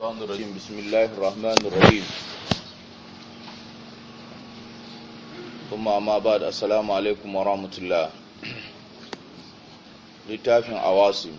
الشيطان الرجيم بسم الله الرحمن الرحيم ثم أما بعد السلام عليكم ورحمة الله littafin awasim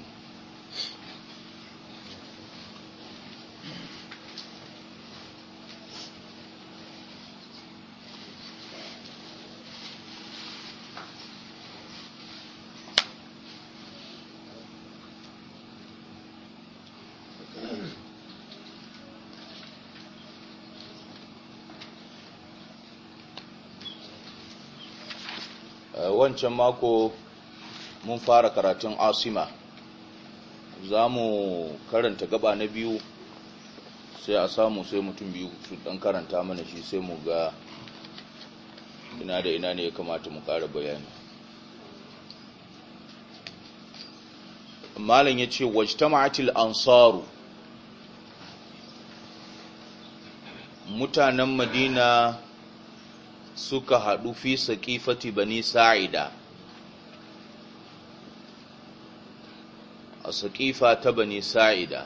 wancan mako mun fara karatun asima za mu karanta gaba na biyu sai a samu sai mutum biyu su dan karanta mana shi sai mu ga ina da ina ne ya kamata mu kara bayani malam ya ce wajtama'atil ansaru mutanen madina suka haɗu fi saƙifati bani sa'ida a saƙifa ta bani sa'ida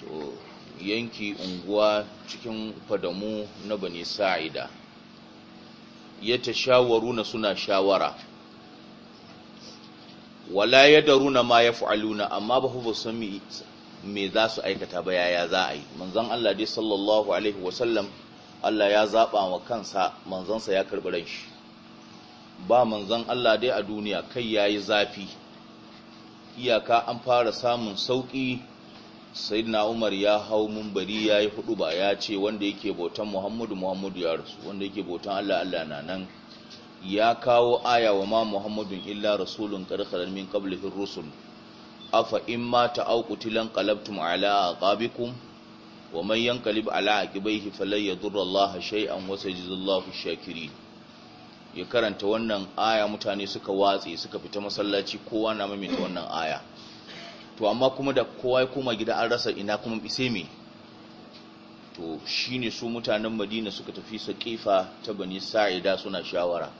to yanki unguwa cikin fadamu na bani sa'ida ya ta shawaru na suna shawara wala ya daru ma ya fa'aluna amma ba ba sami me za su aikata ba yaya za a yi manzan Allah dai sallallahu Alaihi wasallam Allah ya zaɓa wa kansa manzansa ya karɓi ran ba manzan Allah dai a duniya kai ya yi zafi iyaka an fara samun sauƙi na Umar ya hau mumbari ya yi hudu ba ya ce wanda yake bautan Muhammadu Muhammadu ya rasu wanda yake bautan Allah Allah na nan ya kawo aya wa ma Muhammadun illa rasulun qad khalal min qablihi rusul afa in mata aw qutilan qalabtum ala aqabikum wa man yanqalib ala aqibaihi falan yadurra Allah shay'an wa sayajizullahu shakirin ya karanta wannan aya mutane suka watse suka fita masallaci kowa na maimaita wannan aya to amma kuma da kowa ya koma gida an rasa ina kuma bise me to shine su mutanen Madina suka tafi sa kifa ta Bani Sa'ida suna shawara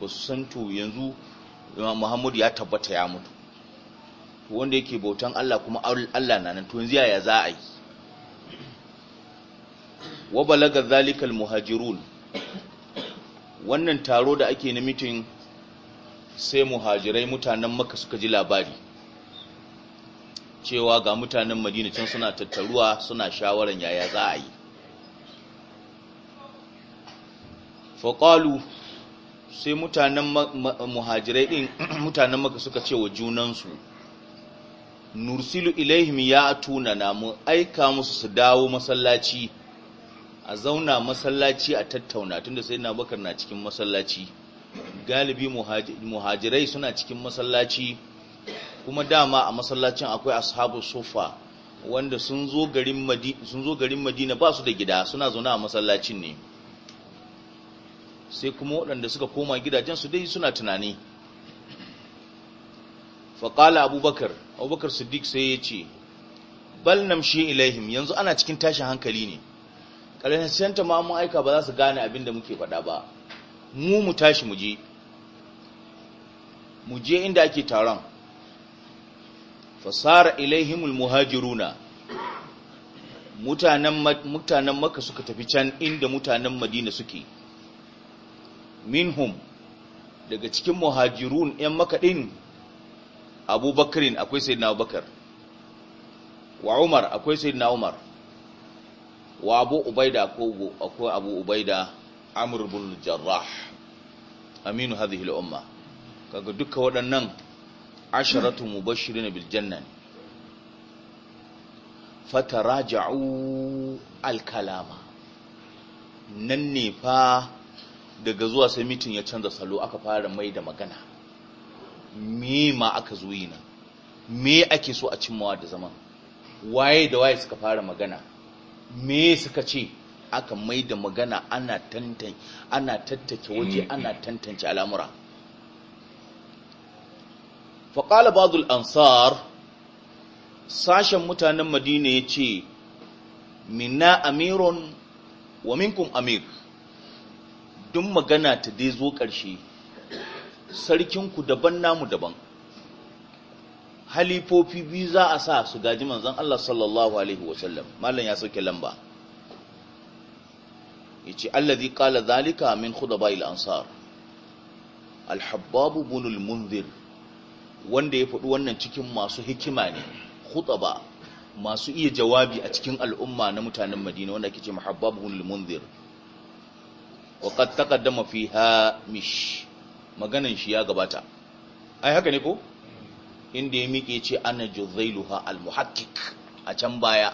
ba su san to yanzu Muhammad ya tabbata ya mutu wanda yake bautan Allah kuma Allah na nan to yanzu yaya za a yi wa balaga zalikal muhajirun wannan taro da ake na mitin sai muhajirai mutanen makka suka ji labari cewa ga mutanen madina can suna tattaruwa suna shawaran yaya za a yi faƙalu sai mutanen muhajirai ɗin mutanen maka suka ce wa junansu nursilu ilaihim ya tuna mu aika musu su dawo masallaci a zauna masallaci a tattauna tunda sai na bakar na cikin masallaci galibi muhajirai suna cikin masallaci kuma dama a masallacin akwai ashabu sofa wanda sun zo garin madina ba su da gida suna zauna a masallacin ne sai kuma waɗanda suka koma gidajen su dai suna tunani faƙala abubakar abubakar siddiq sai ya ce bal namshi ilaihim yanzu ana cikin tashin hankali ne ƙarshen ta mamun aika ba za su gane abin da muke faɗa ba mu mu tashi mu je mu inda ake taron fasara ilaihimul muhajiruna mutanen mutanen makka suka tafi can inda mutanen madina suke minhum daga cikin muhajirun yan makka din abubakarin akwai sayyidina abubakar wa umar akwai sayyidina umar wa abu ubaida ko akwai abu ubaida amr ibn jarrah aminu hadhihi al-umma kaga duka waɗannan asharatu mubashirin bil janna fataraja'u al-kalama nan ne fa daga zuwa sai meeting ya canza salo aka fara mai da magana me ma aka zo yi nan me ake so a cimmawa da zaman waye da waye suka fara magana me suka ce aka mai da magana ana tantance ana tattake waje mm-hmm. ana tantance al'amura faƙala bazul ansar sashen mutanen madina ya ce minna amiron wa minkum amir don magana ta dai zo ƙarshe sarkinku daban namu daban halifofi biyu za a sa su gaji manzon Allah sallallahu alaihi wasallam malin ya sauke lamba ya yace allazi ƙala zalika min khudaba'il ansar al-habbab munzir wanda ya faɗi wannan cikin masu hikima ne khutaba masu iya jawabi a cikin al'umma na mutanen Madina wanda ke ce Muhabbab bunul munzir wa qad mafi ha mish maganan shi ya gabata ai haka ne ko inda ya miƙe ce ana juzailuha almuhakkik a can baya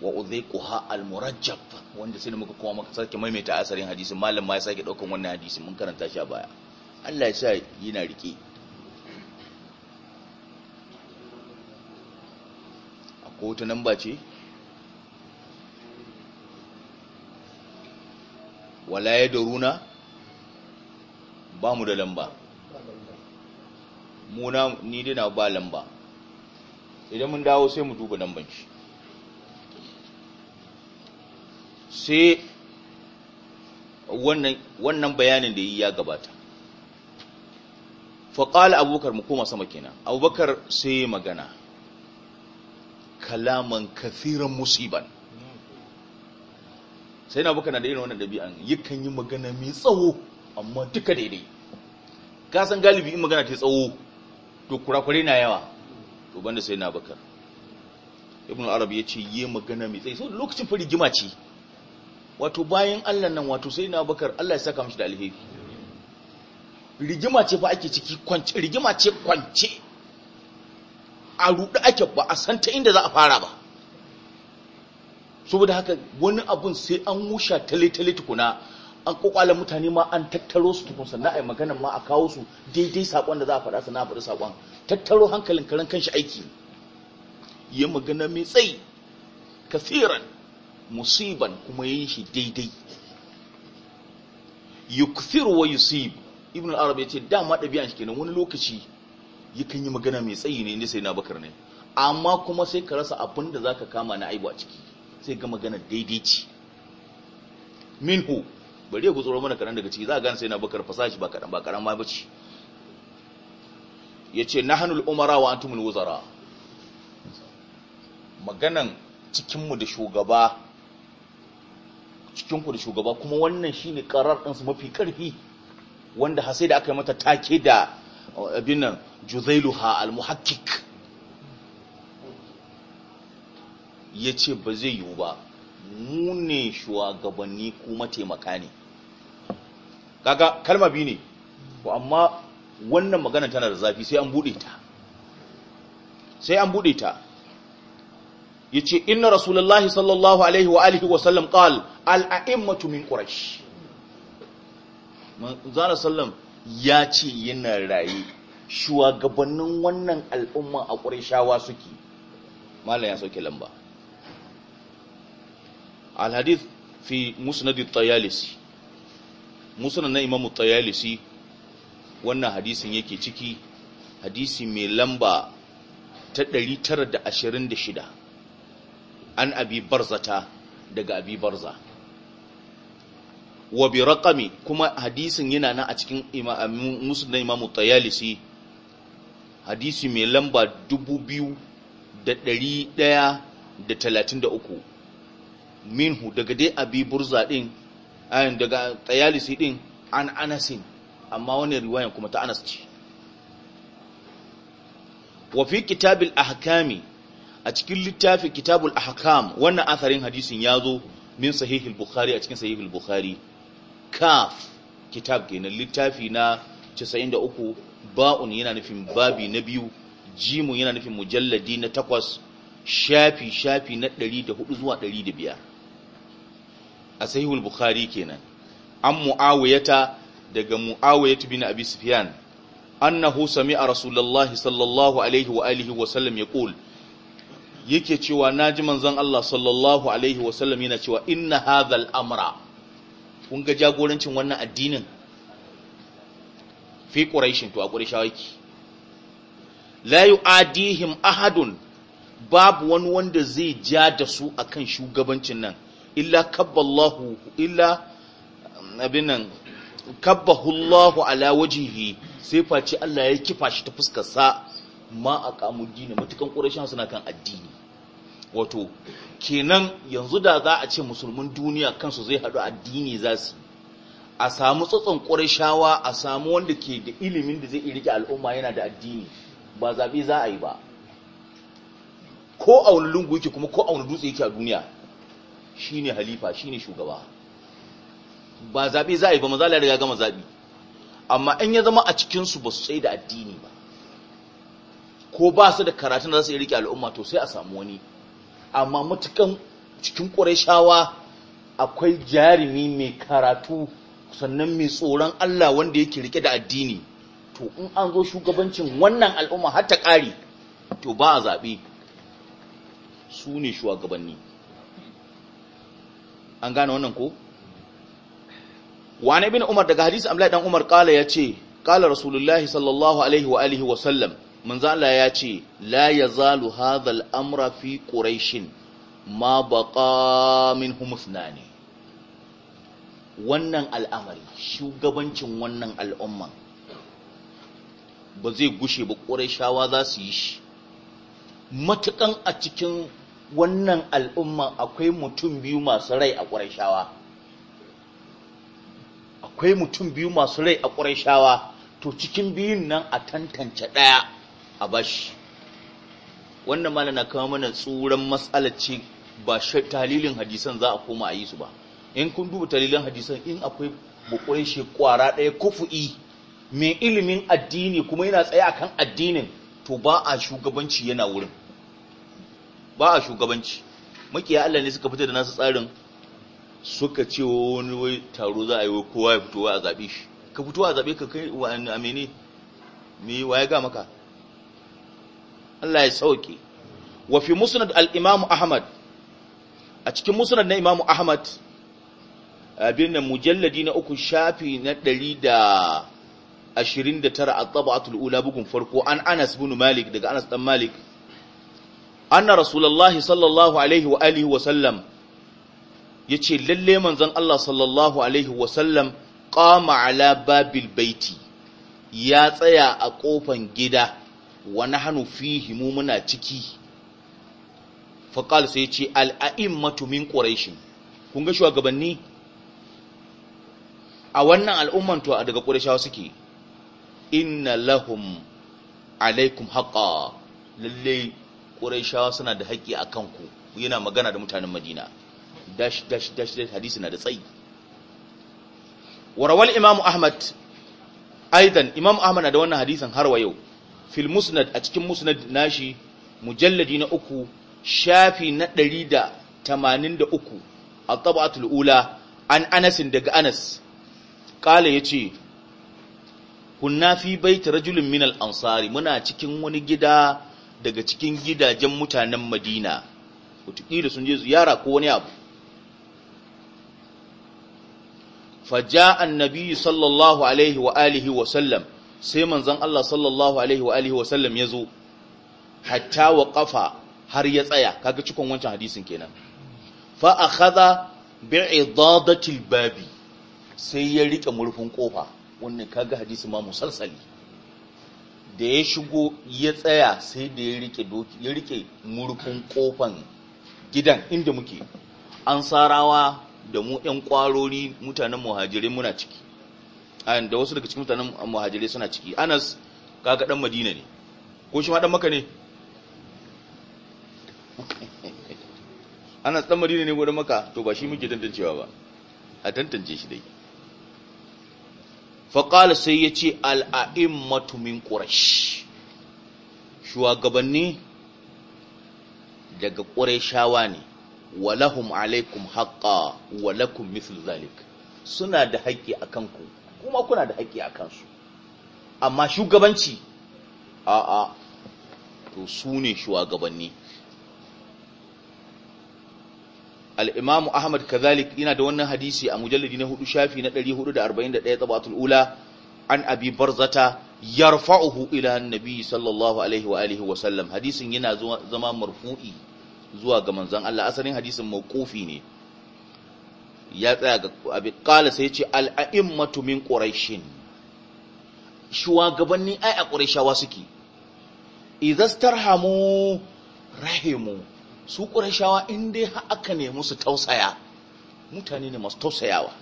wa uzaiquha almurajjab wanda sai muka kuma muka sake maimaita asarin hadisi. malam ma ya sake daukan wannan hadisin mun karanta shi a baya Allah ya sa yana rike akwai wata namba ce wala ya runa, ba mu da lamba Muna ni dina ba lamba idan mun dawo sai mu duba lamban shi sai wannan wannan bayanin da yi ya gabata fa qala abubakar mu koma sama kenan abubakar sai magana kalaman kathiran musiban sai na abubakar na da irin wannan dabi'an yakan yi magana mai tsawo amma duka daidai ka san galibi in magana ta tsawo to kurakure na yawa to banda sai na bakar ibn arabi ya ce yi magana mai tsaye so lokacin fari ce wato bayan allah nan wato sai na bakar allah ya saka mashi da alheri rigima ce fa ake ciki kwance rigima ce kwance a rudu ake ba a san ta inda za a fara ba saboda haka wani abun sai an wusha tale-tale tukuna an kokwala mutane ma an tattaro su tukun sannan a yi magana ma a kawo su daidai saƙon da za a faɗa sannan a faɗi saƙon. tattaro hankalin karan kanshi aiki yi magana mai tsayi kasiran musiban kuma yi shi daidai yukthir wa yusib ibn al-arabi ce dama ɗabi'an shi kenan wani lokaci yakan yi magana mai tsayi ne inda sai na bakar ne amma kuma sai ka rasa abin da za ka kama na aibu a ciki sai ga magana daidai ce minhu bari ya gutsuro mana kaɗan daga ciki za a gane sai na bakar fasashi ba kaɗan ba kaɗan ma bace ya ce na hannun umara wa an tumul wuzara maganan cikinmu da shugaba cikinku da shugaba kuma wannan shine ne ƙarar ɗansu mafi ƙarfi wanda hasai da aka yi mata take da abin nan juzailuha al-muhakkik ya ce ba zai yiwu ba mu ne shugabanni ku mataimaka ne kaga kalma bi ne ko amma wannan magana tana da zafi sai an bude ta sai an bude ta yace inna rasulullahi sallallahu alaihi wa alihi wa sallam qal al a'immatu min quraish manzara sallam ya ce yana raye shugabannin wannan al'umma a qurayshawa suke mallan ya sauke lamba al-hadith fi musnad tayalisi musnad na imam tayalisi wannan hadisin yake ciki hadisi mai lamba ta 926 an abi barzata daga abi barza wa bi raqami kuma hadisin yana nan a cikin musnad na imam tayalisi hadisi mai lamba 2133 minhu daga dai abi burza din ayin daga tayalisi din an anasin amma wani riwayan kuma ta anas ce wa fi kitabil ahkami a cikin littafin kitabul ahkam wannan asarin hadisin ya zo min sahihul bukhari a cikin sahihul bukhari kaf kitab kenan littafi na 93 ba'un yana nufin babi na biyu jimu yana nufin mujalladi na takwas shafi shafi na 104 zuwa 105 a sahihul bukhari kenan an mu'awiyata daga mu'awiyatu bin abi sufyan annahu sami'a rasulullahi sallallahu alaihi wa alihi wa sallam yaqul yake cewa naji manzon Allah sallallahu alaihi wa sallam yana cewa inna hadhal amra kun ga jagorancin wannan addinin fi quraishin to a quraishawa la yu'adihim ahadun babu wani wanda zai ja da su akan shugabancin nan illa kabballahu illa abinan kabbahullahu ala wajhihi sai face Allah ya kifa shi ta fuskar sa ma a dini matukan suna kan addini wato kenan yanzu da za a ce musulmin duniya kansu zai haɗu addini za su a samu tsotson ƙurashawa a samu wanda ke da ilimin da zai rike al'umma yana da addini ba zaɓe za a yi ba ko a wani lungu yake kuma ko a wani dutse yake a duniya shine halifa shine shugaba ba zaɓe za a yi ba maza da gama zaɓe amma in ya zama a cikinsu ba su tsaye da addini ba ko ba su da karatun da za su yi rike al'umma to sai a samu wani amma matukan cikin ƙwarai akwai jarumi mai karatu sannan mai tsoron Allah wanda yake rike da addini to in an zo shugabancin wannan al'umma har ta ƙari to ba a zaɓe su ne shugabanni an gane wannan ko wani bin umar daga hadisi amlai dan umar kala ya ce kala rasulullahi sallallahu alaihi wa alihi wa sallam manzo Allah ya ce la yazalu hadha al-amra fi quraishin ma baqa minhum ithnani wannan al'amari shugabancin wannan al'umma ba zai gushe ba quraishawa za su yi shi matukan a cikin wannan al'umma akwai mutum biyu masu rai a ƙurashawa akwai mutum biyu masu rai a ƙurashawa to cikin biyun nan a tantance ɗaya a bashi wannan malam na kama mana tsoron matsalar ce ba talilin hadisan za a koma a yi su ba in kun duba talilin hadisan in akwai bukurin shi kwara ɗaya kufu'i mai ilimin addini kuma yana tsaye akan addinin to ba a shugabanci yana wurin ba a shugabanci makiya Allah ne suka fito da nasu tsarin suka ce wani wai taro za a yi kowa ya fito a zabe shi ka fito a zabe ka kai wa amene me waye ga maka Allah ya sauke wa fi musnad al-Imam Ahmad a cikin musnad na Imam Ahmad abin nan mujalladi na uku shafi na tara a a ula bugun farko an Anas bin Malik daga Anas dan Malik anna rasulullahi sallallahu alaihi wa alihi wa sallam yace lalle manzon Allah sallallahu alaihi wa sallam qama ala babil baiti ya tsaya a kofan gida wa hanu fihi mu muna ciki qal sai yace al a'immatu min quraish kun ga shugabanni a wannan al'umman to daga qurayshawa suke inna lahum alaikum haƙƙa, lalle shawa suna da haƙƙi a kanku yana magana da mutanen madina dash dash dash hadisi na da tsayi warawal imamu ahmad aidan imamu ahmad na da wannan hadisan harwa yau fil musnad a cikin musnad nashi mujalladi na uku shafi na ɗari da tamanin da uku a tabbatul ula an anasin daga anas ƙala ya ce kunna fi baita rajulun minal ansari muna cikin wani gida daga cikin gidajen mutanen madina wataƙila sun je ziyara ko wani abu faja annabi sallallahu alaihi wa alihi wa sallam sai manzon Allah sallallahu alaihi wa alihi wa sallam ya zo hatta wa ƙafa har ya tsaya kaga cikon wancan hadisin kenan fa akhadha bi'idadatil babi sai ya rike murfin kofa wannan kaga hadisi ma musalsali da ya shigo ya tsaya sai da ya rike doki ya rike murfin kofan gidan inda muke an sarawa da mu ƴan kwarori mutanen muhajirai muna ciki da wasu daga cikin mutanen muhajirai suna ciki anas kaga dan madina ne ko shi ma dan maka ne anas dan madina ne ko dan maka to ba shi muke tantancewa ba a tantance shi dai faƙala sai ya ce al’a’in min ƙurash shugabanni daga ƙurashawa ne walahum alaikum haƙa walakum mislu zalik suna da haƙƙi a kanku kuma kuna da haƙƙi a kansu amma shugabanci a'a to su ne shugabanni al-imam ahmad kazalik yana da wannan hadisi a mujalladi na hudu shafi na 441 tabatul ula an abi barzata yarfa'uhu ila annabi sallallahu alaihi wa alihi wa sallam hadisin yana zama marfu'i zuwa ga manzon Allah asalin hadisin mawqufi ne ya tsaya ga abi qala sai ce al-a'immatu min quraishin shuwagabanni ai a qurayshawa suke idastarhamu rahimu su ƙurashawa in dai aka nemi su tausaya mutane ne masu tausayawa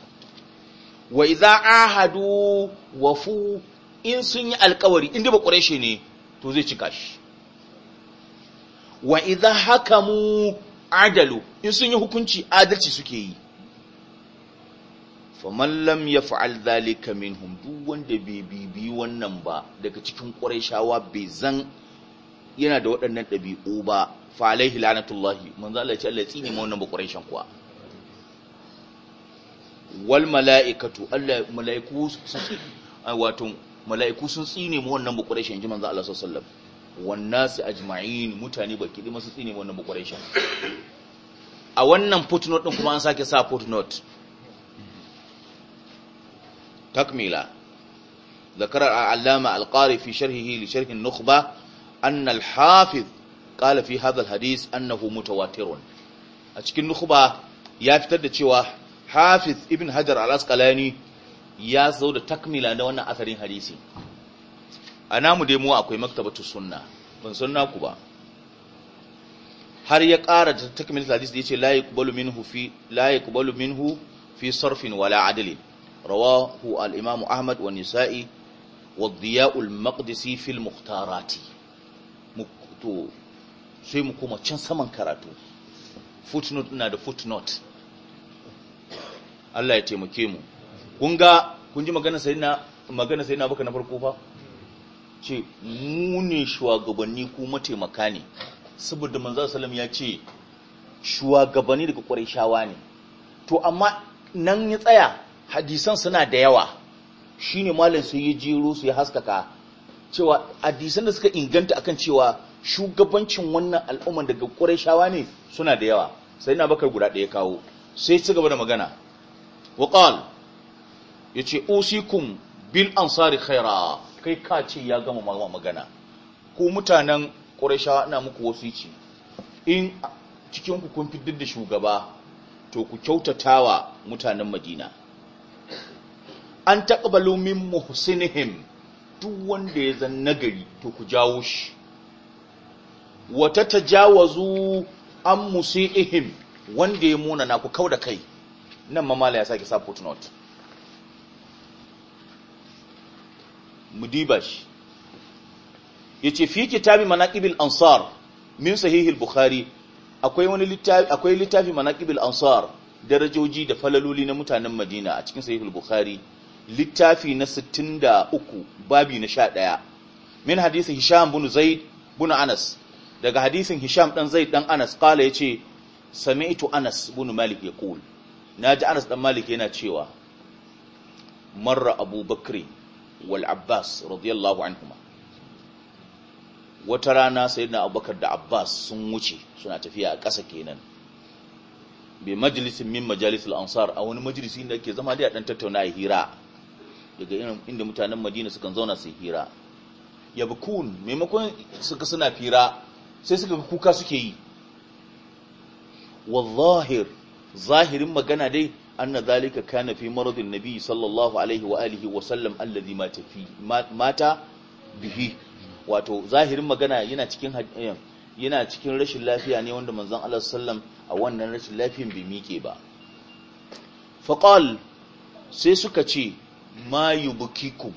wa hadu ahadu wafu in sun yi alkawari in dai ba ƙurashe ne to zai cika shi wa haka hakamu adalu in sun yi hukunci adalci suke yi Mallam ya fa’al zalika min hundu wanda bai bibi wannan ba daga cikin ƙurashawa bai zan yana da waɗannan ɗabi'u ba fa alaihi lanatullahi manzo Allah ya ce Allah ya tsine ma wannan bakuraishan kuwa wal mala'ikatu Allah mala'iku sun wato mala'iku sun tsine ma wannan bakuraishan ji manzo Allah sallallahu alaihi wasallam wan nasu ajma'in mutane baki dai masu tsine ma wannan bakuraishan a wannan footnote din kuma an sake sa footnote takmila ذكر العلامة القاري في شرحه لشرح النخبة أن الحافظ qala fi hadha alhadith annahu mutawatirun a cikin nukhba ya fitar da cewa hafiz ibn hajar al-asqalani ya zo da takmila na wannan asarin hadisi a namu dai mu akwai maktabatu sunna ban sunna ku ba har ya ƙara da takmilin hadis ya yace la yaqbalu minhu fi la yaqbalu minhu fi sarfin wala adl rawahu al imam ahmad wa nisa'i wa diya'ul maqdisi fil mukhtarati sai mu koma can saman karatu footnote ina da footnote Allah ya taimake mu kun ga kun ji magana sayyidina magana sayyidina baka na farko fa ce mu ne shugabanni ku mataimaka ne saboda manzo sallam ya ce shugabanni daga quraishawa ne to amma nan ya tsaya hadisan suna da yawa shine malam sai ya jiro su ya haskaka cewa hadisan da suka inganta akan cewa shugabancin wannan al'umman daga ƙurayshawa ne suna da yawa sai na bakar guda ɗaya kawo sai ci gaba da magana waqal yace usikum bil ansari khaira kai ka ce ya gama magana ku mutanen ƙuraishawa ina muku wasu wasici in cikin ku kun fitar da shugaba to ku kyautata wa mutanen Madina an taqbalu min muhsinihim duk wanda ya zan nagari to ku jawo shi wata tatajawazu an musu ihim wanda ya muna na ku da kai nan mamala ya sake sa footnote mudibash ce fi kitabi manaqibil ansar min sahihil bukhari akwai wani littafi akwai littafi manaqibil ansar darajoji da falaloli na mutanen madina a cikin sahihil bukhari littafi na 63 babi na 11 min hadisi hisham bin zaid bin anas daga hadisin Hisham dan zai dan Anas kala yace sami'tu Anas ibn Malik yaqul naji Anas dan Malik yana cewa marra Abu Bakri wal Abbas radiyallahu anhuma wata rana sayyidina Abubakar da Abbas sun wuce suna tafiya a ƙasa kenan bi majalisin min majalisul ansar a wani majalisi inda zama dai a dan tattauna a hira daga inda mutanen Madina sukan zauna su hira yabkun maimakon suka suna fira sai suka kuka suke yi wallahir zahirin magana dai anna zalika kana fi maradin nabi sallallahu alaihi wa alihi wa sallam alladhi mata bihi wato zahirin magana yana cikin eh, yana cikin rashin lafiya ne wanda manzon Allah sallam a wannan rashin lafiyan bai mike ba faqal sai suka ce ma yubkikum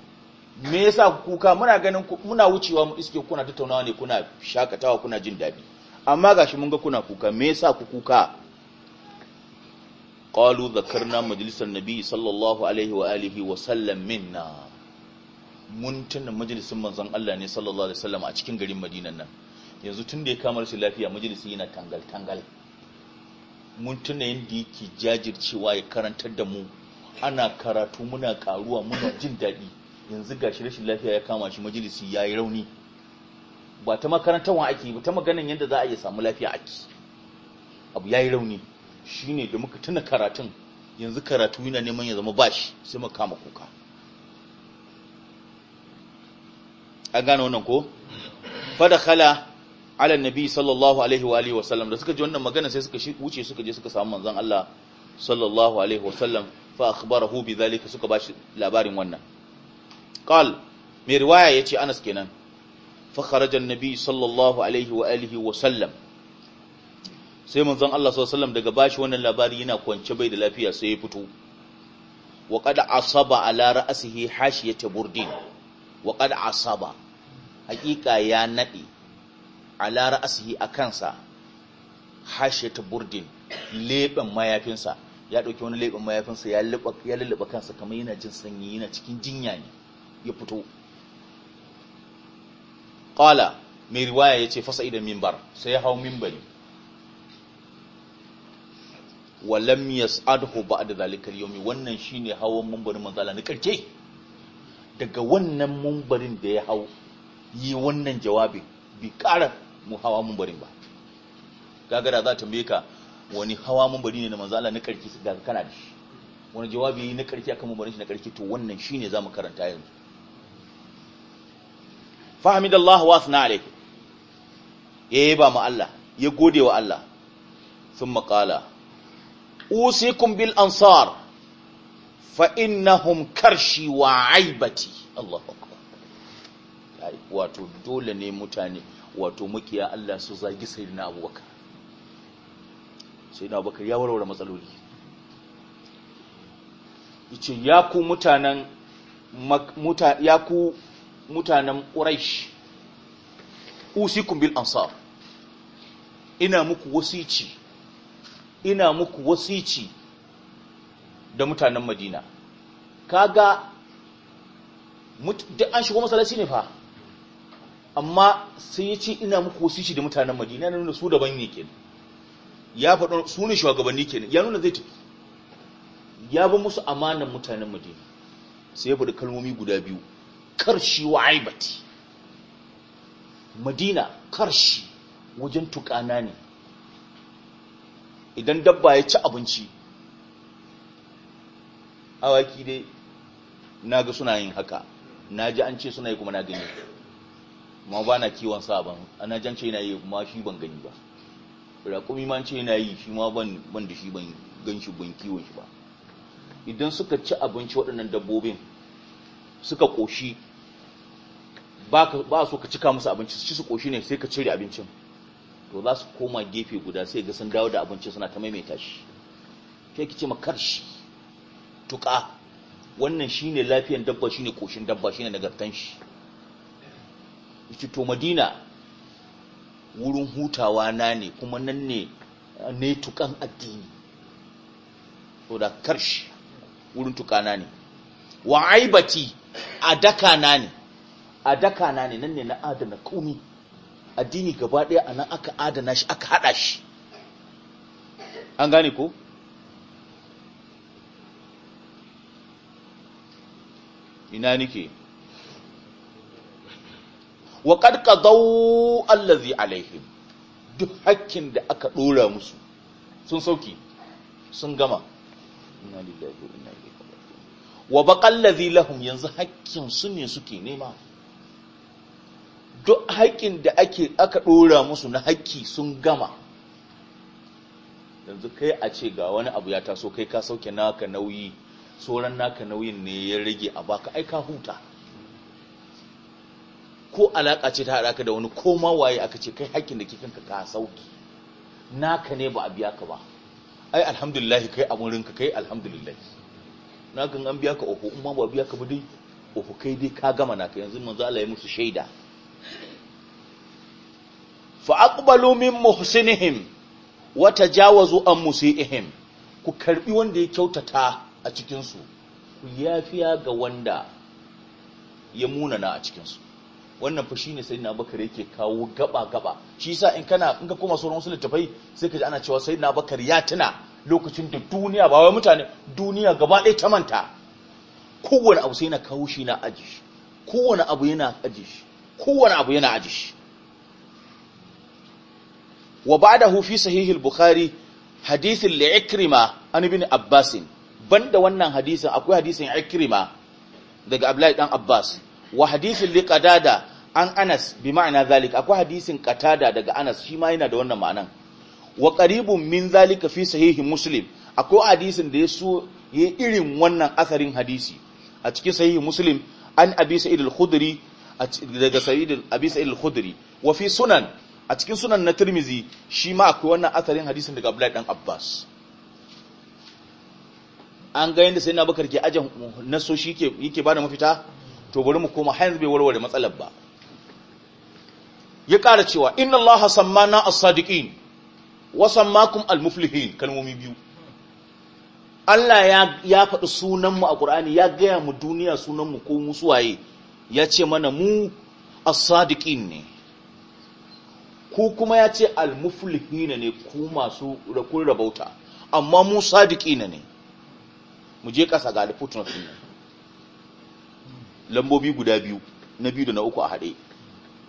me yasa kuka muna ganin muna wucewa mu iske kuna tattaunawa ne kuna shakatawa kuna jin daɗi amma gashi mun ga kuna kuka me yasa ku kuka qalu dhakarna majlisan nabi sallallahu alaihi wa alihi wa sallam minna mun tuna majalisin manzon Allah ne sallallahu alaihi wasallam a cikin garin Madinan nan yanzu tun da ya kamar shi lafiya majalisi yana tangal tangal mun tuna yanda yake jajircewa ya karantar da mu ana karatu muna karuwa muna jin daɗi yanzu gashi rashin lafiya ya kama shi majalisi ya yi rauni ba ta wa ake ba ta maganin yadda za a iya samu lafiya ake abu ya yi rauni shi ne da muka tuna karatun yanzu karatu yana neman ya zama bashi sai mu kama kuka an gane wannan ko fada khala ala nabi sallallahu alaihi wa alihi wasallam da suka ji wannan magana sai suka wuce suka je suka samu manzon Allah sallallahu alaihi wasallam fa akhbarahu bi dhalika suka bashi labarin wannan قال mai riwaya يتي Anas kenan فخرج النبي صلى sallallahu alaihi wa وسلم wa sallam sai manzon Allah sallallahu alaihi wasallam daga bashi wannan labari yana kwance bai da lafiya sai ya fito wa qad asaba ala ra'sihi hashiyat burdin wa qad asaba hakika ya nade ala ra'sihi sa hashiyat burdin leban mayafinsa ya dauki wani leban mayafinsa ya lulluba kansa kamar yana jin sanyi yana cikin jinya ne ya fito qala mai riwaya fasa idan mimbar sai ya hawo minbari walam yas'adhu ba'da da al-yawmi wannan shi ne hawan mimbarin manzala na karke daga wannan mimbarin da ya hau, yi wannan jawabin bi ƙara mu hawa mimbarin ba gagara za ta tambaye ka wani hawa minbari ne na manzala na karke da kana da shi wani jawabi na karke kan mimbarin shi na karke to wannan shi ne za mu karanta yanzu Allah wa suna alayhi ya ba ma Allah ya gode wa Allah sun maƙala kun bil ansar fa innahum karshi wa aibati Allah wato dole ne mutane wato mukiya Allah su zagi na Abubakar na Abubakar ya warware matsaloli Ice, ya ku mutanen ya ku mutanen ƙuraish usikum bil ansar ina muku wasici ina muku wasici da mutanen madina kaga duk an shigo masallaci ne fa amma sai ya ce ina muku wasici da mutanen madina na nuna su daban ne kenan ya faɗo su ne shugabanni kenan ya nuna zai tafi ya ba musu amanan mutanen madina sai ya faɗi kalmomi guda biyu karshi wa aibati madina karshi wajen tukana ne idan dabba ya ci abinci awaki dai na ga suna yin haka na ji an ce suna yi kuma na gani ma ba na kiwon sabon ana jan ce yana yi ma shi ban gani ba raƙumi ma ce yana yi shi ma ban da shi ban gan shi ban kiwon shi ba idan suka ci abinci waɗannan dabbobin suka ƙoshi ba so ka cika musu abinci su ci su koshi ne sai ka cire abincin to za su koma gefe guda sai ga sun dawo da abincin suna ta maimaita shi kai kice ma karshi tuka wannan shine lafiyan dabba shine koshin dabba shine nagartan shi yace to Madina wurin hutawa na ne kuma nan ne ne tukan addini to da karshi wurin tukana ne wa aibati adaka na ne a daka na ne nan ne na adana komi addini gaba ɗaya a nan aka adana shi aka haɗa shi an gane ko ina nike wa qad qadaw allazi alaihim duk hakkin da aka dora musu sun sauki sun gama inna lillahi wa inna ilaihi raji'un wa baqal ladhi lahum yanzu hakkin su ne suke nema duk haƙƙin da ake aka ɗora musu na haƙƙi sun gama yanzu kai a ce ga wani abu ya taso kai ka sauke naka nauyi sauran naka nauyin ne ya rage a baka ai huta ko alaƙa ce ta haɗa da wani koma waye aka ce kai haƙƙin da kifin ka sauki naka ne ba a biya ka ba ai alhamdulillah kai a murinka kai alhamdulillah na kan an biya ka oho in ma ba biya ka ba dai kai dai ka gama naka yanzu manzo Allah ya musu shaida fa aqbalu min muhsinihim wa tajawazu an musiihim ku karbi wanda ya kyautata a cikinsu, su ku yafiya ga wanda ya munana a cikin su wannan fa shine na bakar yake kawo gaba gaba shi yasa in kana in ka koma sauran wasu littafai sai ka ji ana cewa sai bakar ya tuna lokacin da duniya ba wai mutane duniya gaba ɗaya ta manta kowane abu sai na kawo shi na aji kowane abu yana aji kowane abu yana aji wa ba'dahu fi sahih al-bukhari hadisin al-ikrima an abbas banda wannan hadisin akwai hadisin ikrima daga abdullahi dan abbas wa hadisin liqadada an anas bi ma'ana zalik akwai hadisin qatada daga anas shi ma yana da wannan ma'anan wa qaribun min zalika fi sahihi muslim akwai hadisin da yaso yi irin wannan asarin hadisi a cikin sahihi muslim an abi sa'id al-khudri daga sa'id abi sa'id al-khudri wa fi sunan a cikin sunan na turmizi, shi ma akwai wannan asarin hadisun daga abdullahi dan abbas an ga yadda sai na bakar ke ajin nasoshi yake ba da mafita to bari mu koma Hayan bai warware matsalar ba ya ƙara cewa inna allaha samma na wasan wa sammakum al-muflihin kalmomi biyu Allah ya faɗi sunanmu a ƙur'ani ya gaya mu duniya sunanmu ko musuwaye waye ya ce mana mu asadiƙin sadiƙin ne ku kuma ya ce almuflihina ne ku masu kun rabauta amma mu sadiqina ne mu je kasa ga footnote ne lambobi guda biyu na biyu da na uku a haɗe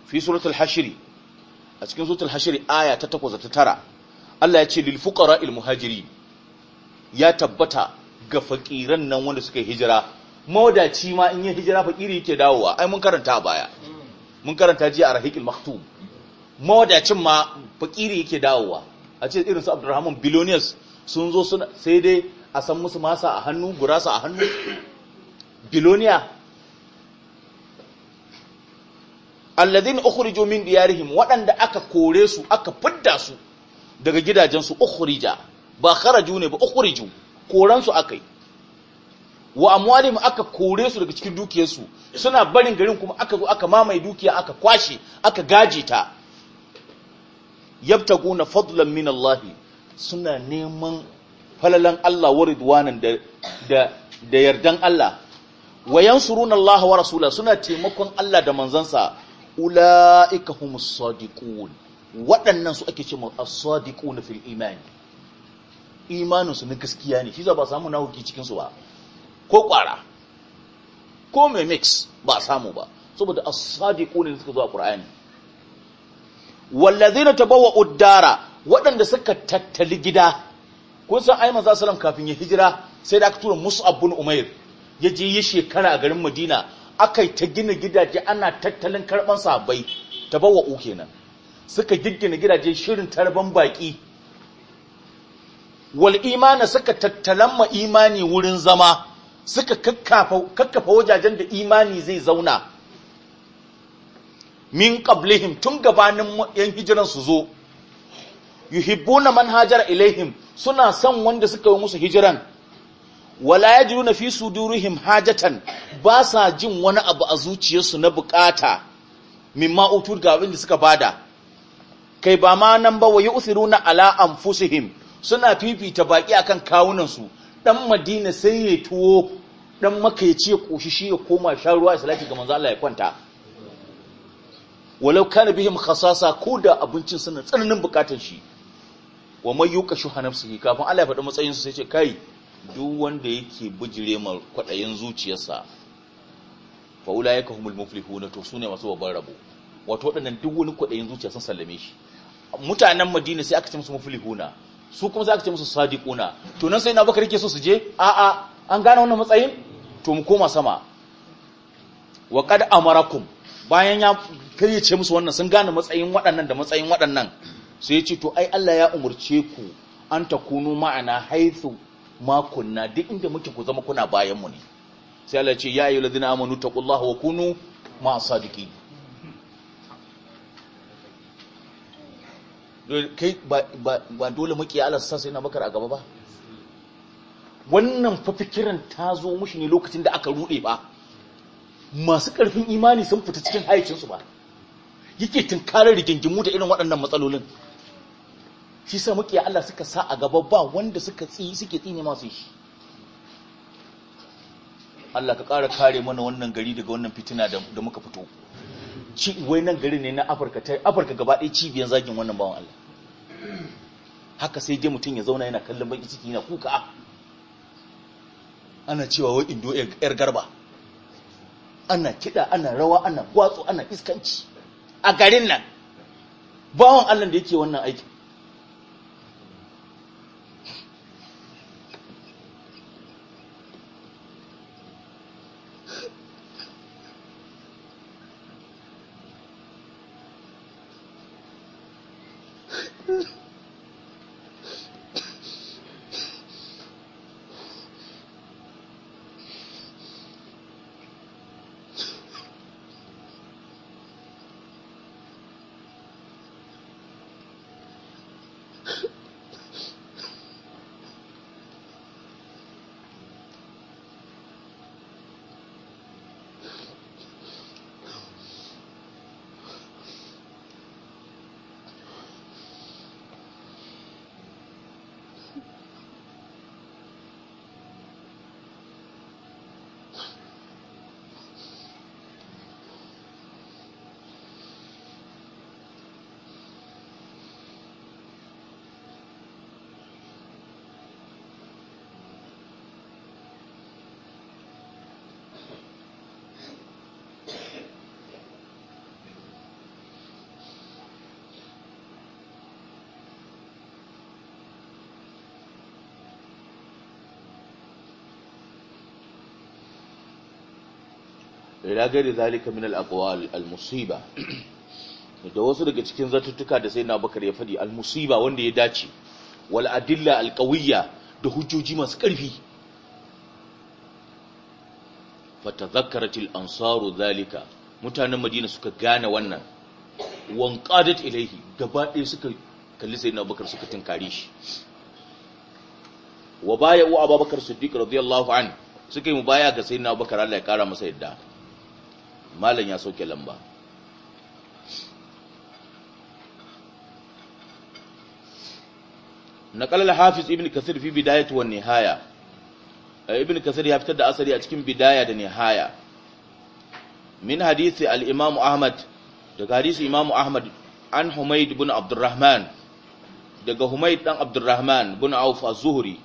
fi suratul hashiri a cikin suratul hashiri aya ta takwas ta tara Allah ya ce lil fuqara'il muhajiri ya tabbata ga fakiran nan wanda suka hijira mawadaci ma in ya hijira fakiri yake dawowa ai mun karanta a baya mun karanta ji a rahiqil maktub mawadacin ma fakiri yake dawowa a ce irinsu abdurrahman billionaires sun zo sai dai a san musu masa a hannu gurasa a hannu billionaire alladhin ukhrijo min diyarihim waɗanda aka kore su aka fidda su daga gidajensu ukhrija ba kharaju ne ba ukhriju koran su akai wa amwalim aka kore su daga cikin dukiyarsu suna barin garin kuma aka zo aka mamaye dukiya aka kwashe aka gaje ta yabtaguna fadlan min Allah suna neman falalan Allah wa ridwanan da da da yardan Allah wayansuruna Allah wa rasula suna taimakon Allah da manzansa ulaika humus sadiqun waɗannan su ake cewa as-sadiqun fil iman imanin su na gaskiya ne shi za ba samu ki cikin su ba ko kwara ko mai mix ba samu ba saboda as-sadiqun ne suka zo a Qur'ani na tabawa uddara waɗanda suka tattali gida kun san ai manzo kafin ya hijira sai da aka tura Mus'ab Umair ya je yi shekara a garin Madina Aka yi ta gina gidaje ana tattalin karɓar sabai tabawa uke kenan suka giggina gidaje shirin tarban baƙi. wal imana suka tattalan ma imani wurin zama suka kakkafa wajajen da imani zai zauna min qablihim tun gabanin yan hijiran su zo yuhibbuna man hajara ilaihim suna son wanda suka yi musu hijiran wala yajiduna fi sudurihim hajatan ba sa jin wani abu a zuciyarsu na bukata mimma utur ga abin da suka bada kai ba ma nan ba wa ala anfusihim suna fifita baki akan kawunan su dan madina sai ya tuwo dan maka ya ce koshi shi ya koma sharuwa ruwa salati ga manzo Allah ya kwanta walau kana bihim khasasa ko da abincin suna tsananin bukatar shi wa mai yuka shuha nafsihi kafin Allah ya faɗi matsayin sai ce kai duk wanda yake bujire mal kwaɗayin zuciyarsa fa ulaika humul muflihuna to sune masu babban rabo wato waɗannan duk wani kwaɗayin zuciya sun sallame shi mutanen Madina sai aka ce musu muflihuna su kuma sai aka ce musu sadiquna to nan sai na bakar yake so su je a'a an gane wannan matsayin to mu koma sama wa qad amarakum bayan ya kayyace musu wannan sun gane matsayin waɗannan da matsayin waɗannan su ya ce to ai Allah ya umarce ku an ta kunu ma'ana haithu makunna duk inda muke ku zama kuna bayan mu ne sai Allah ce ya yi ladina amanu taqullaha wa kunu ma'as Sadiki. kai ba dole muke Allah sa sai na bakar a gaba ba wannan fa ta zo mushi ne lokacin da aka rude ba masu ƙarfin imani sun fita cikin haicinsu ba yake tunkarar rigingimu da irin waɗannan matsalolin shi sa makiya Allah suka sa a gaba ba wanda suka tsi suke tsini masu shi Allah ka ƙara kare mana wannan gari daga wannan fitina da muka fito ci wai nan gari ne na Afirka ta Afirka gaba ɗaya cibiyar zagin wannan bawan Allah haka sai dai mutum ya zauna yana kallon baki ciki yana kuka ana cewa wai indo yar garba ana kiɗa ana rawa ana gwatsu ana iskanci a garin nan bawan Allah da yake wannan aiki. Thank you. ila gari zalika min al-aqwal al-musiba da wasu daga cikin zatuttuka da sai na bakar ya fadi al-musiba wanda ya dace wal adilla al-qawiyya da hujjoji masu ƙarfi fatadhakkaratil ansaru zalika mutanen madina suka gane wannan wanqadat ilaihi gaba ɗaya suka kalli sai na bakar suka tinkare shi wa baya'u abubakar siddiq radiyallahu an suka yi mubaya ga sayyidina abubakar Allah ya kara masa yadda malam ya sauke lamba naqala al-hafiz ibn kasir fi bidayati wa nihaya eh, ibn kasir ya fitar da asari a cikin bidaya da nihaya min hadisi al-imam ahmad daga hadisi imam ahmad an humayd ibn abdurrahman daga humayd dan abdurrahman ibn auf az-zuhri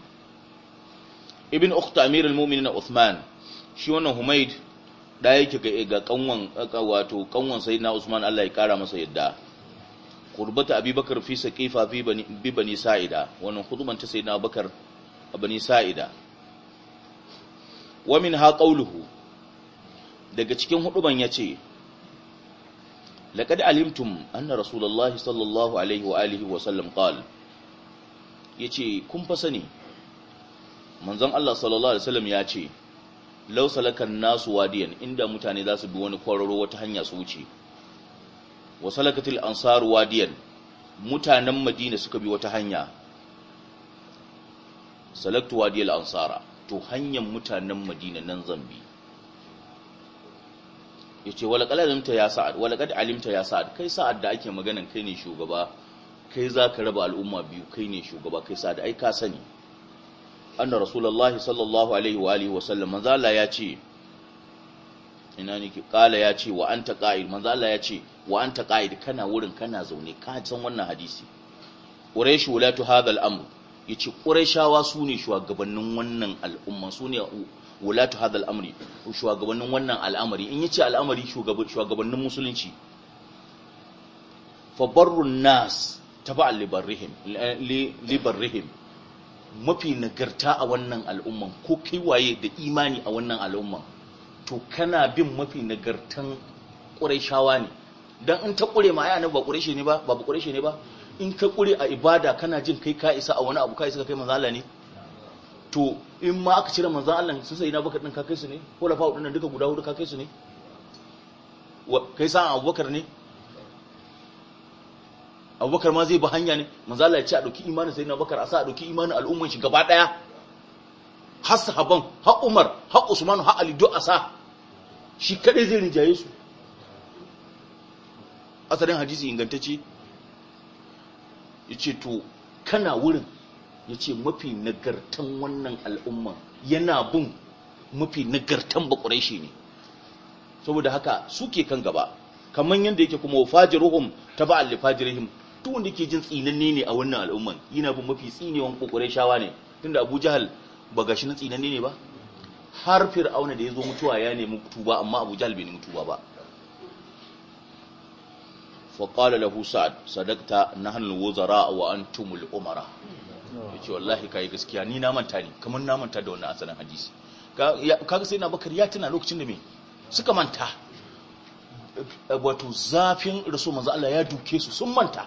ibn ukht amir al-mu'minin uthman shi wannan humayd da yake ga kanwan wato kanwan sayyidina Usman Allah ya kara masa yadda qurbata abubakar fi saqifa fi bani bani sa'ida wannan huduman ta sayyidina Abubakar bani sa'ida wa minha qawluhu daga cikin huduban yace laqad alimtum anna rasulullahi sallallahu alaihi wa alihi wa sallam qala yace kun fa sani manzon Allah sallallahu alaihi wasallam ya ce law salakan nasu wadiyan inda mutane za su bi wani kwararo wata hanya su wuce wa salakatil ansar wadiyan mutanen madina suka bi wata hanya salaktu wadiyal ansara to hanyar mutanen madina nan zambi ya ce walaƙad alimta ya sa'ad walaƙad alimta ya sa'ad kai sa'ad da ake maganan kai ne shugaba kai za ka raba al'umma biyu kai ne shugaba kai sa'ad ai ka sani anna rasulullahi sallallahu alaihi wa alihi wa sallam manzo Allah ya ce ina nake kala ya ce wa anta qa'id manzo Allah ya ce wa anta qa'id kana wurin kana zaune ka san wannan hadisi quraish walatu hadha al-amr yace quraishawa su ne shugabannin wannan al'umma su ne wulatu hadha al-amri shugabannin wannan al'amari in yace al'amari shugabannin musulunci fa barrun nas tab'a li barrihim li barrihim mafi nagarta a wannan al'umman ko kai waye da imani a wannan al'umman to kana bin mafi nagartan ƙurashawa ne don in ta ƙure ma ai ba ƙureshe ne ba ba ƙureshe ne ba in ka ƙure a ibada kana jin kai ka isa a wani abu ka isa kai manzo Allah ne to in ma aka cire manzo Allah sun sai na baka din ka kai su ne ko lafa din duka guda hudu ka kai su ne kai sa Abubakar ne abubakar ma zai bi hanya ne Manzala ya ce a ɗauki imanin na abubakar a sa a ɗauki imanin al'umman shi gaba ɗaya. har sahaban har umar har usman har ali duk a sa shi kaɗai zai rijaye su asalin hadisi ingantacce ce to kana wurin yace mafi nagartan wannan al'umma yana bin mafi nagartan bakwarai shi ne saboda haka suke kan gaba kamar yadda yake kuma fajiruhum ta ba'al fajirihim duk wanda ke jin tsinanne ne a wannan al'umman yana bin mafi tsinewan kokore shawa ne tunda Abu Jahal ba gashi na tsinanne ne ba har Fir'auna da yazo mutuwa ya nemi tuba amma Abu Jahal bai nemi tuba ba fa qala lahu Sa'd sadaqta nahnu wuzara wa antumul umara yace wallahi kai gaskiya ni na manta ne kamar na manta da wannan asalin hadisi kaga sai na bakar ya tana lokacin da me suka manta wato zafin rasu manzo Allah ya duke su sun manta